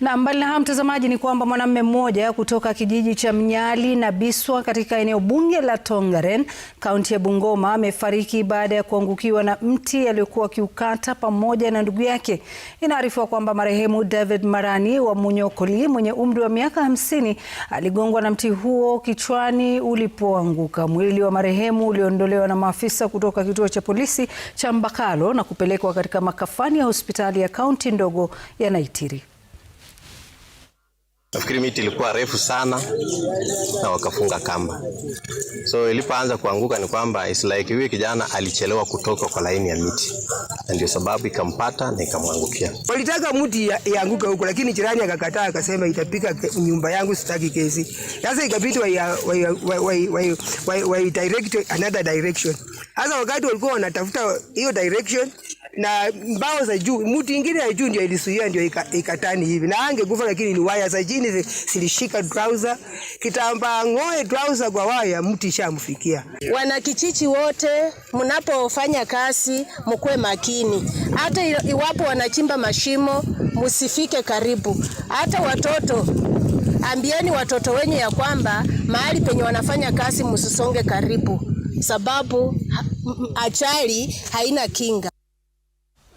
Na mbali na hayo mtazamaji, ni kwamba mwanamume mmoja kutoka kijiji cha Mnyali na Biswa katika eneo bunge la Tongaren, kaunti ya Bungoma, amefariki baada ya kuangukiwa na mti aliyokuwa akiukata pamoja na ndugu yake. Inaarifiwa kwamba marehemu David Marani wa Munyokoli mwenye umri wa miaka hamsini aligongwa na mti huo kichwani ulipoanguka. Mwili wa marehemu uliondolewa na maafisa kutoka kituo cha polisi cha Mbakalo na kupelekwa katika makafani ya hospitali ya kaunti ndogo ya Naitiri. Nafikiri miti ilikuwa refu sana na wakafunga kamba. So ilipoanza kuanguka ni kwamba it's like huyu kijana alichelewa kutoka kwa laini ya miti, na ndio sababu ikampata na ikamwangukia. Walitaka mti ianguke huko, lakini jirani akakataa, akasema itapika nyumba yangu, sitaki kesi. Sasa ikabidi wa direct another direction. Sasa wakati walikuwa wanatafuta hiyo direction na mbao za juu, mti ingine ya juu ndio ilisuia, ndio ikatani hivi, na angekufa, lakini ni waya za jini zilishika trouser, kitamba, ngoe trouser kwa waya, mti shamfikia. Wanakichichi wote, mnapofanya kazi mkuwe makini, hata iwapo wanachimba mashimo msifike karibu. Hata watoto ambieni watoto wenyu ya kwamba mahali penye wanafanya kazi msisonge karibu, sababu ajali haina kinga.